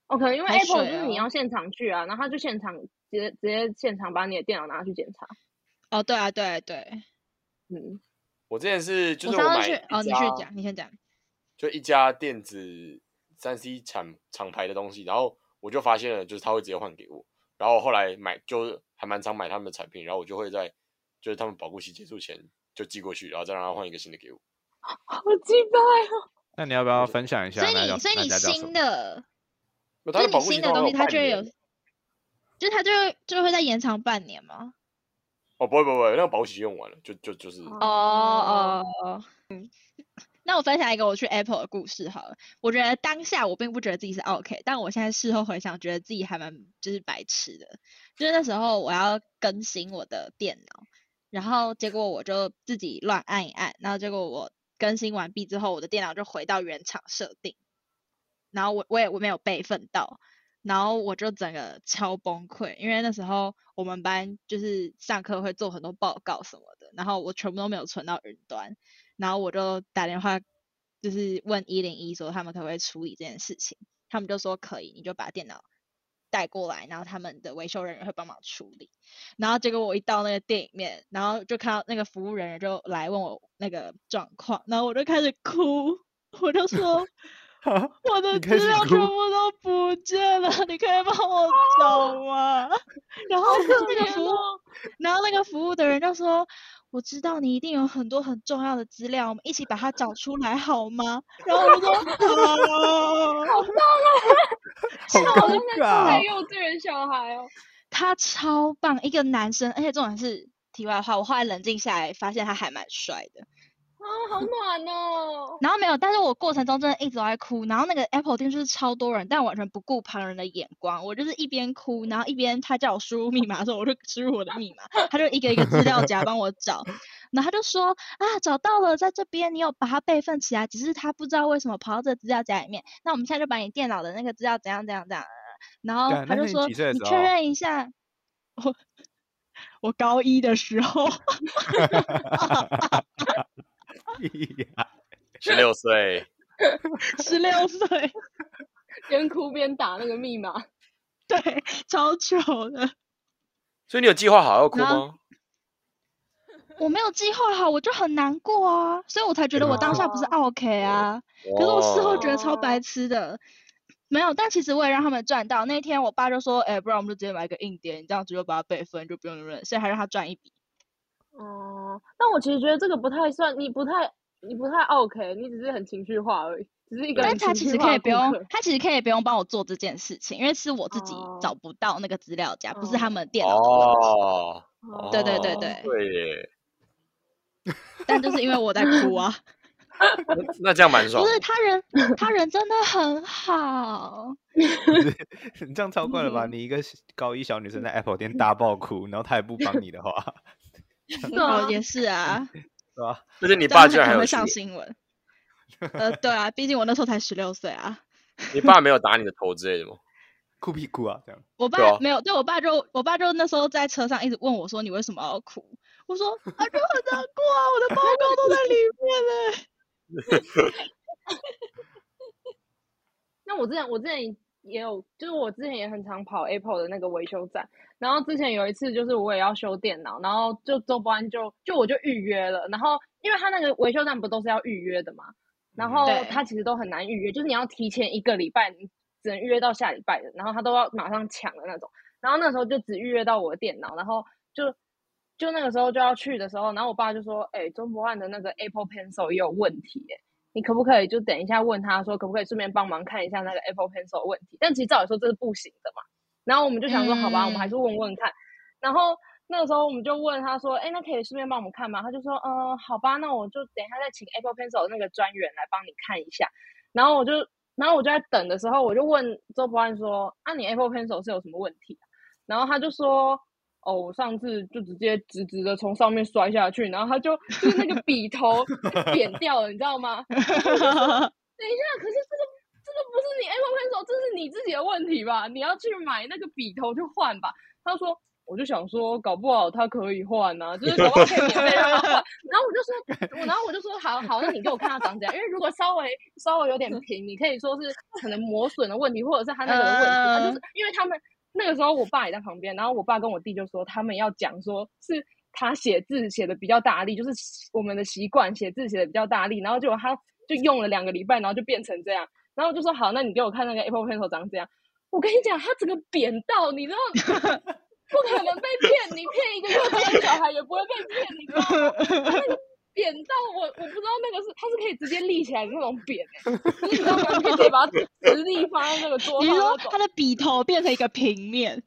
o、哦、可能因為 Apple 是你要現場去啊，啊然後他就現場直接直接現場把你的電腦拿去檢查。哦，對啊，對啊對,啊對，嗯，我之前是就是我買我上上哦，你去講，你先講，就一家電子三 C 廠廠牌的東西，然後我就發現了，就是他會直接換給我，然後後來買就是還蠻常買他們的產品，然後我就會在。就是他們保固期結束前就寄過去，然後再讓他換一個新的給我。 [laughs] 好奇怪哦！那你要不要分享一下？所以你所以你新的，以、就是、你新的東西他，他就有，就它就就會再延長半年嗎？哦，不會不會，那個保固期用完了，就就就是。哦哦哦，嗯。那我分享一個我去 Apple 的故事好了。我覺得當下我並不覺得自己是 OK，但我現在事後回想，覺得自己還蠻就是白痴的。就是那時候我要更新我的電腦。然後結果我就自己亂按一按，然後結果我更新完畢之後，我的電腦就回到原廠設定，然後我我也我沒有備份到，然後我就整個超崩潰，因為那時候我們班就是上課會做很多報告什麼的，然後我全部都沒有存到雲端，然後我就打電話就是問一零一說他們可不可以處理這件事情，他們就說可以，你就把電腦。帶過來，然後他們的維修人員會幫忙處理。然後結果我一到那個店裡面，然後就看到那個服務人員就來問我那個狀況，然後我就開始哭，我就說我的資料全部都不見了，你，你可以幫我找嗎，啊啊？然後那個服務， [laughs] 然後那個服務的人就說。我知道你一定有很多很重要的資料，我們一起把它找出來好嗎？然後我都， [laughs] 哦、 [laughs] 好棒啊！好棒啊！笑死我了，這幼稚園小孩哦。他超棒，一個男生，而且重點是，題外話，我後來冷靜下來，發現他還蠻帥的。啊，好暖哦！然後沒有，但是我過程中真的一直都在哭。然後那個 Apple 店就是超多人，但我完全不顧旁人的眼光，我就是一邊哭，然後一邊他叫我輸入密碼的時候，我就輸入我的密碼。他就一個一個資料夾幫我找， [laughs] 然後他就說啊，找到了，在這邊，你有把它備份起來，只是他不知道為什麼跑到這資料夾裡面。那我們現在就把你電腦的那個資料怎樣，怎樣怎樣怎樣。然後他就說，你確認一下。我我高一的時候。 [laughs] [laughs] [laughs] [laughs] 十六歲，十六歲，邊哭邊打那個密碼， [laughs] 對，超糗的。所以你有計劃好要哭嗎？我沒有計劃好，我就很難過啊，所以我才覺得我當下不是 OK 啊。Wow. 可是我事後覺得超白痴的，wow. 沒有。但其實我也讓他們賺到。那天我爸就說：“哎、欸，不然我們就直接買個硬碟，你這樣子就把它備份，就不用那現在還讓他賺一筆。”哦，但我其實覺得這個不太算，你不太，你不太 OK，你只是很情緒化而已，只是一個人情緒化而已，他其實可以不用，他其實可以不用幫我做這件事情，因為是我自己找不到那個資料夾、哦，不是他們電腦的、哦、對對對對。哦、對耶。但就是因為我在哭啊。那這樣蠻爽的。不是，他人 [laughs] 他人真的很好。 [laughs] 你這樣超怪了吧？你一個高一小女生在 Apple 店大爆哭，然後他也不幫你的話。那、 [laughs] 啊、也是啊，是吧？啊？就是你爸居然還會上新聞， [laughs] 呃，對啊，畢竟我那時候才十六歲啊。 [laughs] 你爸沒有打你的頭之類的嗎？哭屁哭，哭啊，這樣。我爸、啊、沒有，對我爸就，我爸就那時候在車上一直問我說：“你為什麼要哭？”我說：“啊，就很難過啊， [laughs] 我的報告都在裡面呢，欸。 [laughs] ” [laughs] [laughs] 那我之前，我之前。也有，就是我之前也很常跑 Apple 的那個維修站，然後之前有一次，就是我也要修電腦，然後就周伯安就就我就預約了，然後因為他那個維修站不都是要預約的嘛，然後他其實都很難預約、嗯，就是你要提前一個禮拜，你只能預約到下禮拜的，然後他都要馬上搶的那種，然後那時候就只預約到我的電腦，然後就就那個時候就要去的時候，然後我爸就說，哎，周伯安的那個 Apple Pencil 也有問題、欸。你可不可以就等一下問他說，可不可以順便幫忙看一下那個 Apple Pencil 的問題？但其實照理說這是不行的嘛。然後我們就想說，好吧、嗯，我們還是問問看。然後那個時候我們就問他說，哎，那可以順便幫我們看嗎？他就說，嗯、呃，好吧，那我就等一下再請 Apple Pencil 的那個專員來幫你看一下。然後我就，然後我就在等的時候，我就問周博安說，啊，你 Apple Pencil 是有什麼問題、啊？然後他就說。哦，我上次就直接直直的從上面摔下去，然後他就就是那個筆頭扁掉了， [laughs] 你知道嗎？ [laughs] 等一下，可是這個這個不是你 Apple Pen 手，這是你自己的問題吧？你要去買那個筆頭去換吧。他說，我就想說，搞不好他可以換呢、啊，就是搞不好可以免費，然後我就說，我然後我就說，好好，那你給我看他長怎樣，因為如果稍微稍微有點平，你可以說是可能磨損的問題，或者是他那個的問題、啊，他就是因為他們。那個時候，我爸也在旁邊。然後我爸跟我弟就說，他們要講說，是他寫字寫的比較大力，就是我們的習慣，寫字寫的比較大力。然後結果他就用了兩個禮拜，然後就變成這樣。然後我就說，好，那你給我看那個 Apple Pencil 長怎樣？我跟你講，他整個扁到，你知道， [laughs] 不可能被騙。你騙一個幼稚園小孩也不會被騙，你知道嗎？ [laughs] 扁到我，我不知道那個是，它是可以直接立起來的那種扁、欸，你知道嗎？ [laughs] 可以把它直立放在那個桌上。它的筆頭變成一個平面，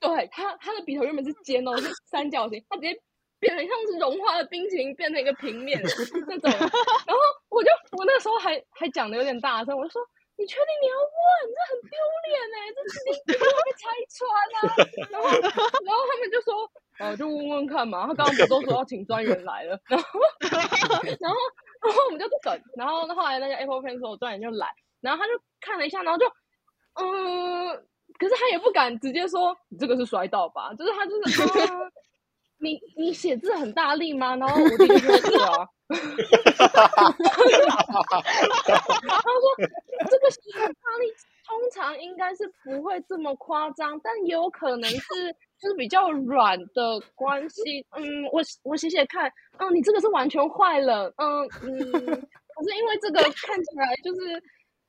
對，它它的筆頭原本是尖的、哦，是三角形，它直接變成像是融化的冰淇淋變成一個平面這種。然後我就我那時候還還講的有點大聲，我就說。你確定你要問？這很丟臉哎、欸，這事情，怎麼會被拆穿啊！然後，然後他們就說，哦、呃，就問問看嘛。他剛剛不都說要請專員來了，然後，然後，然後我們就不等。然後後來那個 Apple Pencil 說，專員就來，然後他就看了一下，然後就，嗯、呃，可是他也不敢直接說，你這個是摔到吧？就是他就是。呃 [laughs] 你你寫字很大力嗎？然後我就是、啊、 [laughs] [laughs] 說：“啊，他說這個很大力，通常應該是不會這麼誇張，但也有可能是就是比較軟的關係。嗯，我我寫寫看。嗯，你這個是完全壞了。嗯嗯，可是因為這個看起來就是，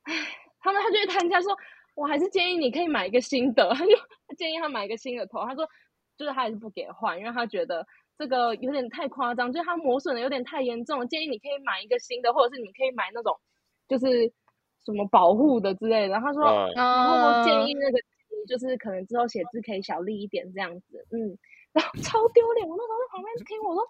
唉，他們他就會他們家說，我還是建議你可以買一個新的。他就建議他買一個新的頭，他說。”就是他還是不給換，因為他覺得這個有點太誇張，就是它磨損的有點太嚴重。建議你可以買一個新的，或者是你可以買那種就是什麼保護的之類的。他說，然、uh... 後建議那個就是可能之後寫字可以小力一點這樣子。嗯，然後超丟臉，我那時候在旁邊聽，我都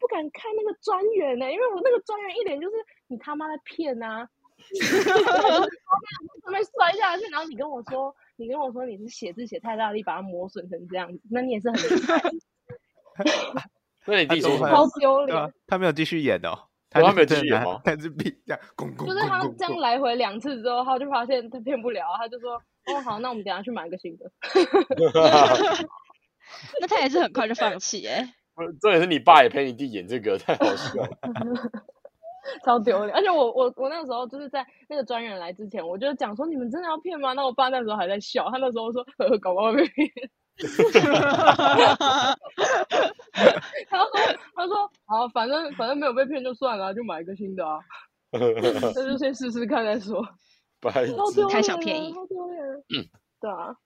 不敢看那個專員呢、欸，因為我那個專員一臉就是你他媽在騙啊，準備準備摔下去，然後你跟我說。你跟我說你是寫字寫太大力，把它磨損成這樣子，那你也是很厲害，那你弟超丟臉， [laughs] 他從來 [laughs] 沒有繼續演哦，他就沒有繼續演，哦。他是這樣拱拱。就是他這樣來回兩次之後，他就發現他騙不了，他就說：“哦，好，那我們等下去買個新的。”那他也是很快就放棄耶。重點是你爸也陪你弟演這個，太好笑了。超丟臉，而且我我我那個時候就是在那個專員來之前，我就講說，你們真的要騙嗎？那我爸那時候還在笑，他那時候說呵呵搞不好被騙 [laughs] [laughs] [laughs] [laughs] 他說他說，好，反正反正沒有被騙就算了，就買一個新的啊，那 [laughs] [laughs] 就先試試看再說，貪小便宜，嗯，對啊，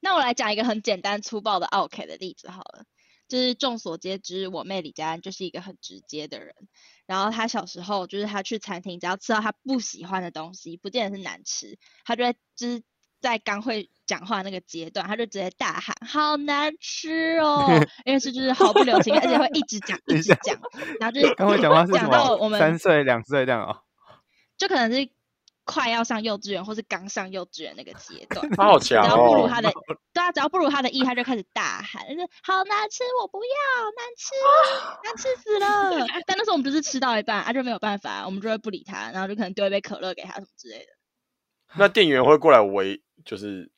那我來講一個很簡單粗暴的奧客的例子好了。就是眾所皆知，我妹李佳恩就是一個很直接的人。然後她小時候，就是她去餐廳，只要吃到她不喜歡的東西，不見得是難吃，她就在就是在剛會講話那個階段，她就直接大喊“好難吃哦”， [laughs] 因為是就是毫不留情， [laughs] 而且會一直講一直講。然後就是剛 [laughs] 會講話是，講到我們三歲兩歲這樣啊、哦，就可能是。快要上幼稚園或是剛上幼稚園那個階段， [laughs] 他好強哦！只要不如他的， [laughs] 對啊，只要不如他的意， [laughs] 他就開始大喊，就是，好難吃，我不要難吃，難吃死了。 [laughs] 但那時候我們就是吃到一半，他，啊，就沒有辦法，我們就會不理他，然後就可能丟一杯可樂給他什麼之類的。那店員會過來圍，就是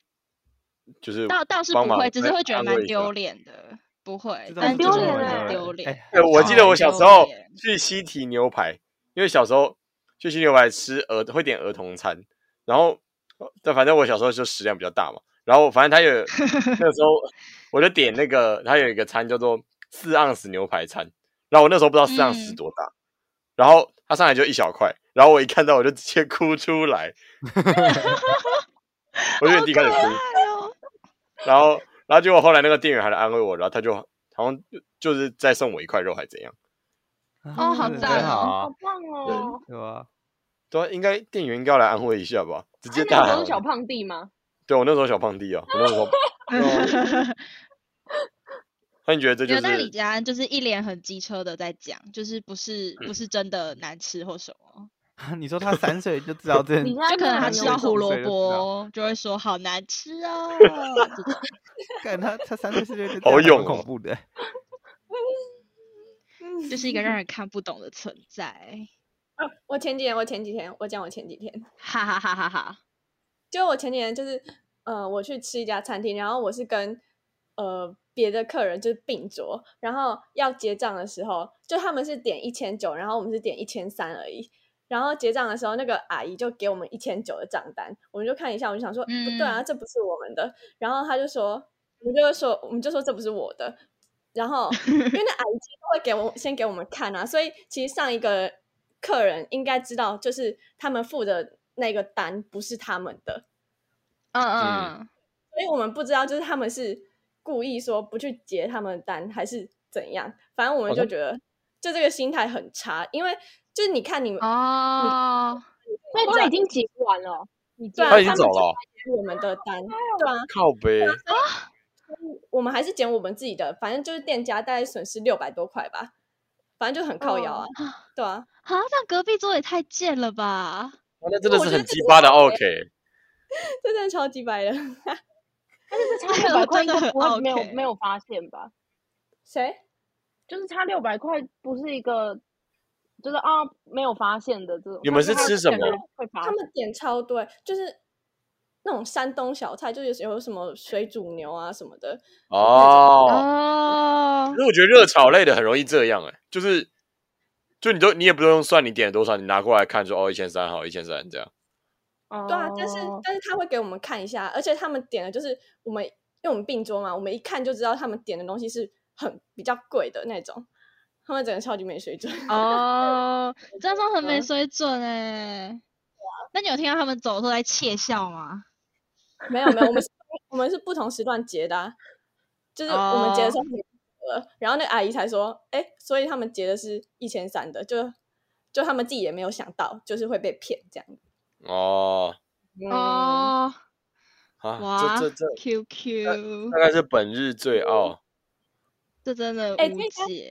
就是倒倒是不會，只是會覺得蠻丟臉的，嗯，不會，但是是丟臉，丟臉。哎，我記得我小時候去西堤牛排，嗯，因為小時候。去吃牛排吃，吃兒會點兒童餐，然後，但反正我小時候就食量比較大嘛，然後反正他有那個時候我就點那個， [laughs] 他有一個餐叫做四盎司牛排餐，然後我那時候不知道四盎司多大，嗯，然後他上來就一小塊，然後我一看到我就直接哭出來， [laughs] 我原地開始哭，哦，然後然後結果後來那個店員還來安慰我，然後他就好像就就是再送我一塊肉還怎樣。哦，哦，好讚哦、啊、好棒哦！對吧、啊、對，應該店員應該要來安慰一下吧。直接打、欸、那個、時候小胖弟嗎？對，我那時候小胖弟啊。我那時候 [laughs] 我 [laughs] 啊、你覺得這就是？有那李佳恩就是一臉很機車的在講，就是不是不是真的難吃或什麼？嗯、 [laughs] 你說他三歲就知道這， [laughs] 就可能他吃到胡蘿蔔 [laughs] 就會說好難吃哦。感覺 [laughs] 就 [laughs] 他他三歲是好勇、哦、恐怖的。 [laughs] 就是一個讓人看不懂的存在。哦、 [laughs] 啊，我前幾天，我前幾天，我講我前幾天，哈哈哈哈哈。就我前幾天，就是，呃，我去吃一家餐廳，然後我是跟呃別的客人就是併桌，然後要結賬的時候，就他們是點一千九，然後我們是點一千三而已。然後結賬的時候，那個阿姨就給我們一千九的賬單，我們就看一下，我就想說，不、嗯哦、不對啊，這不是我們的。然後他就說，我們就會說，我們就說這不是我的。 [laughs] 然後，因為那耳都會給我 [laughs] 先給我們看啊，所以其實上一個客人應該知道，就是他們付的那個單不是他們的。嗯嗯，所以我們不知道，就是他們是故意說不去結他們單，還是怎樣？反正我們就覺得，就這個心態很差，啊。因為就是你看你們啊，以為已經結完了，你突他走了，我們的單啊，對啊，靠背 [laughs] 我們還是撿我們自己的，反正就是店家大概損失六百多塊吧，反正就很靠腰啊，oh. 對啊。好、huh? 那隔壁桌也太賤了吧！那真的是很奇葩的，OK。這 [laughs] 真的超級白的， [laughs] 但是差六百塊沒有沒有發現吧？誰？就是差六百塊，不是一個就是啊沒有發現的這種。你們是吃什麼？他們點超多，就是。那種山東小菜就有有什麼水煮牛啊什麼的哦，因為、哦、我覺得熱炒類的很容易這樣哎、欸，就是，就你都你也不用算你點了多少，你拿過來看說哦一千三好一千三這樣、哦，對啊，但是但是他會給我們看一下，而且他們點的就是我們因為我們併桌嘛，我們一看就知道他們點的東西是很比較貴的那種，他們整個超級沒水準哦， [laughs] 這樣說很沒水準哎、欸。嗯那你有聽到他們走的時候在竊笑嗎？沒有沒有，我們是 [laughs] 我們是不同時段結的、啊，就是我們結的時候，oh. 然後那阿姨才說：“哎、欸，所以他們結的是一千三的，就就他們自己也沒有想到，就是會被騙這樣哦哦，啊、oh. um, oh.，這這這，QQ，大，大概是本日最奧，這 [laughs] 真的無解，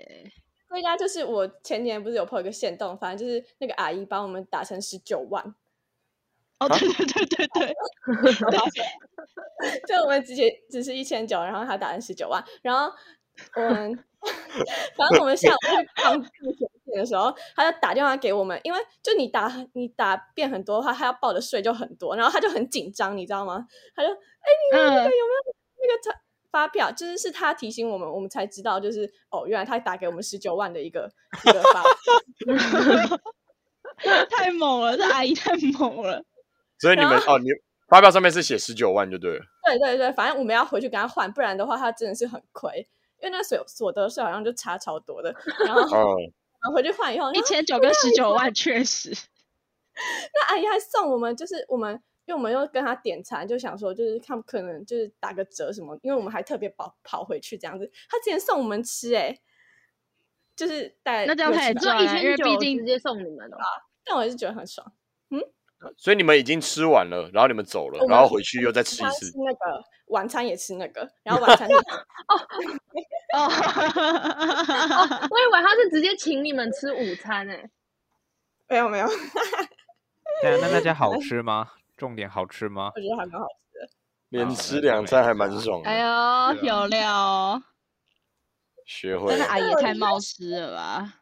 哎、欸，那應該就是我前年不是有 PO 一個限動，反正就是那個阿姨幫我們打成十九萬。哦、啊，對對對對對， [laughs] 就我們之前只是一千九，然後他打成十九萬，然後嗯，反 [laughs] 正我們下午去幫做體檢的時候，他就打電話給我們，因為就你打你打變很多的話，他要報的稅就很多，然後他就很緊張，你知道嗎？他就哎、欸，你們那個有沒有那個他發票？嗯、就是是他提醒我們，我們才知道，就是哦，原來他打給我們十九萬的一個 [laughs] 一個發票， [laughs] [laughs] 太猛了，這阿姨太猛了。所以你們哦，你發票上面是寫十九萬就對了。對對對，反正我們要回去跟他換，不然的話他真的是很虧，因為那所所得稅好像就差超多的。然後我們 [laughs] 回去換以後，一千九跟十九萬確實。 [laughs] 那阿姨還送我們，就是我們因為我們又跟他點餐，就想說就是他可能就是打個折什麼，因為我們還特別跑跑回去這樣子。他之前送我們吃、欸，哎，就是帶那這樣可以、啊，因為畢竟直接送你們了， [laughs] 但我還是覺得很爽。所以你們已經吃完了，然後你們走了，然後回去又再吃一次那個晚餐也吃那個，然後晚餐 [laughs] 哦哦， [laughs] 哦，我以為他是直接請你們吃午餐呢？沒有沒有，對 [laughs] 啊，那大家好吃嗎？重點好吃嗎？我覺得還蠻好吃的，連吃兩餐還蠻爽的。 [laughs] 哎呦、啊，漂亮哦，學會了，阿姨太冒失了吧？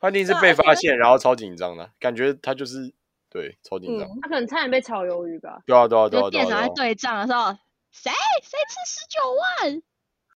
他 [laughs] 一定是被發現，然後超緊張的感覺，他就是。對，超緊張、嗯。他可能差點被炒魷魚吧。對啊，對啊，啊對，啊對，啊對，啊對，啊、對啊，就店長在對賬的時候，誰誰吃十九萬？